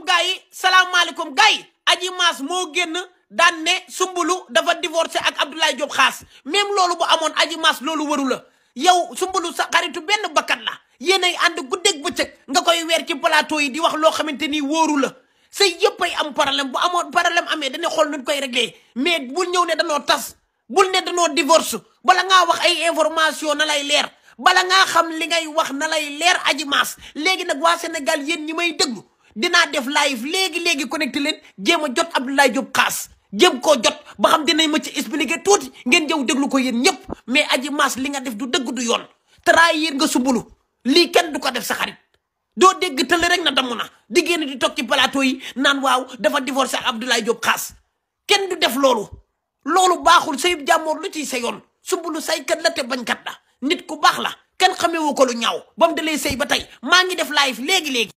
salaamaaleykum gars yi salaamaaleykum gars yi aji maas moo génn daan ne sumbulu dafa divorcé ak Abdoulaye Diop xaas même loolu bu amoon aji maas loolu waru la yow sumbulu sax xaritu benn bakkat la yéen ay ànd guddeeg bëccëg nga koy weer ci plateau yi di wax loo xamante ni wóoru la say yëpp ay am problème bu amoon problème amee dañuy xool nuñ koy réglé mais bul ñëw ne danoo tas bul ne danoo divorce bala ngaa wax ay information na lay leer bala ngaa xam li ngay wax na lay leer aji maas léegi nag waa Sénégal yéen ñi may déglu dinaa def live léegi léegi connecté leen jéem a jot Abdoulaye Diop xaas jéem koo jot ba xam dinañ ma ci expliqué tuuti ngeen jëw déglu ko yéen ñëpp mais Adji Mass li nga def du dëgg du yoon trahir nga sumbulu lii kenn du ko def sa xarit doo dégg tële rek na damm na di génn di toog ci plateau yi naan waaw dafa divorcé ak Abdoulaye Diop xaas kenn du def loolu loolu baaxul say jàmmoor lu ciy sa yoon sumbulu saykat la te bañkat la nit ku baax la kenn xamee ko lu ñaaw ba mu dalee sëy ba tey maa ngi def live léegi léegi.